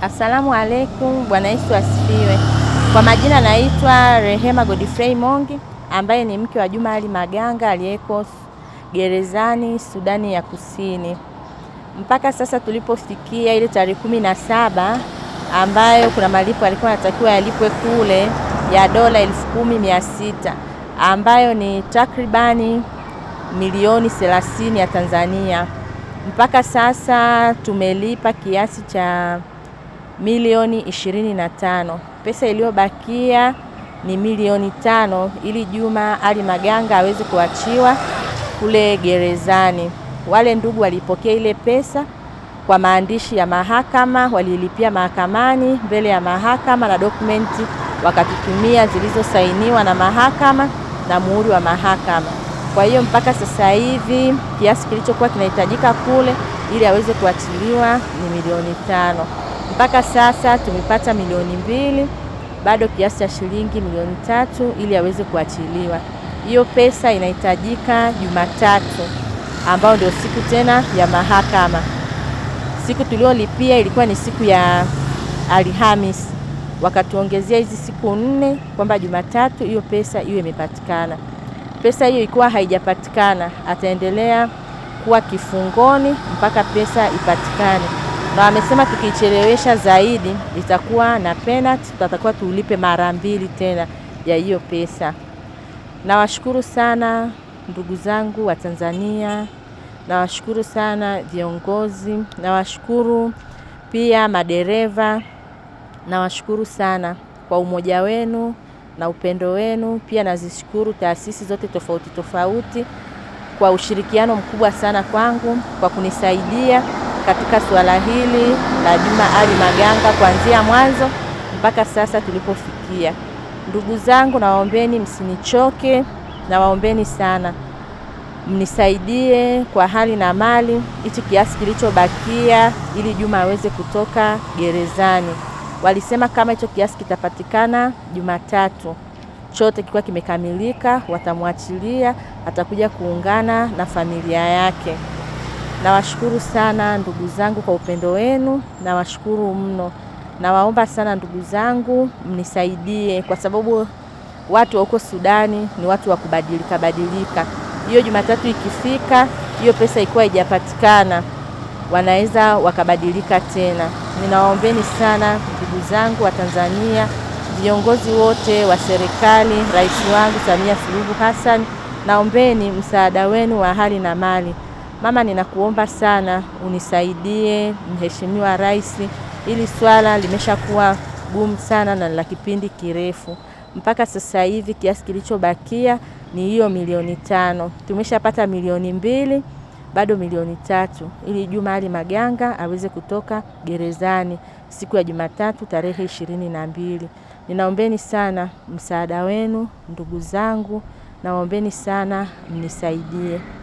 asalamu alaikum, Bwana Yesu asifiwe. Kwa majina naitwa Rehema Godfrey Mongi ambaye ni mke wa Juma Ali Maganga aliyeko gerezani Sudani ya Kusini. Mpaka sasa tulipofikia ile tarehe kumi na saba ambayo kuna malipo alikuwa anatakiwa yalipwe kule ya dola elfu kumi mia sita ambayo ni takribani milioni thelathini ya Tanzania. Mpaka sasa tumelipa kiasi cha milioni ishirini na tano. Pesa iliyobakia ni milioni tano ili Juma Ali Maganga aweze kuachiwa kule gerezani. Wale ndugu walipokea ile pesa kwa maandishi ya mahakama, walilipia mahakamani mbele ya mahakama na dokumenti wakatutumia zilizosainiwa na mahakama na muhuri wa mahakama. Kwa hiyo mpaka sasa hivi kiasi kilichokuwa kinahitajika kule ili aweze kuachiliwa ni milioni tano. Mpaka sasa tumepata milioni mbili, bado kiasi cha shilingi milioni tatu ili aweze kuachiliwa. Hiyo pesa inahitajika Jumatatu, ambayo ndio siku tena ya mahakama. Siku tuliolipia ilikuwa ni siku ya Alhamis, wakatuongezea hizi siku nne kwamba Jumatatu hiyo pesa hiyo imepatikana. Pesa hiyo ilikuwa haijapatikana, ataendelea kuwa kifungoni mpaka pesa ipatikane na wamesema tukichelewesha zaidi itakuwa na penalty, tutatakiwa tulipe mara mbili tena ya hiyo pesa. Nawashukuru sana ndugu zangu wa Tanzania, nawashukuru sana viongozi, nawashukuru pia madereva, nawashukuru sana kwa umoja wenu na upendo wenu. Pia nazishukuru taasisi zote tofauti tofauti kwa ushirikiano mkubwa sana kwangu kwa kunisaidia katika suala hili la Juma Ali Maganga kuanzia mwanzo mpaka sasa tulipofikia. Ndugu zangu, nawaombeni msinichoke, nawaombeni sana mnisaidie kwa hali na mali hichi kiasi kilichobakia, ili Juma aweze kutoka gerezani. Walisema kama hicho kiasi kitapatikana Jumatatu chote kikiwa kimekamilika, watamwachilia atakuja kuungana na familia yake. Nawashukuru sana ndugu zangu kwa upendo wenu, nawashukuru mno. Nawaomba sana ndugu zangu mnisaidie, kwa sababu watu wa huko Sudani ni watu wa kubadilika badilika. Hiyo Jumatatu ikifika, hiyo pesa ikiwa haijapatikana, wanaweza wakabadilika tena. Ninawaombeni sana ndugu zangu wa Tanzania, viongozi wote wa serikali, rais wangu Samia Suluhu Hassan, naombeni msaada wenu wa hali na mali. Mama, ninakuomba sana unisaidie, Mheshimiwa Rais, ili swala limeshakuwa gumu sana na la kipindi kirefu. Mpaka sasa hivi kiasi kilichobakia ni hiyo milioni tano. Tumeshapata milioni mbili, bado milioni tatu, ili Juma Ali Maganga aweze kutoka gerezani siku ya Jumatatu tarehe ishirini na mbili. Ninaombeni sana msaada wenu ndugu zangu, naombeni sana mnisaidie.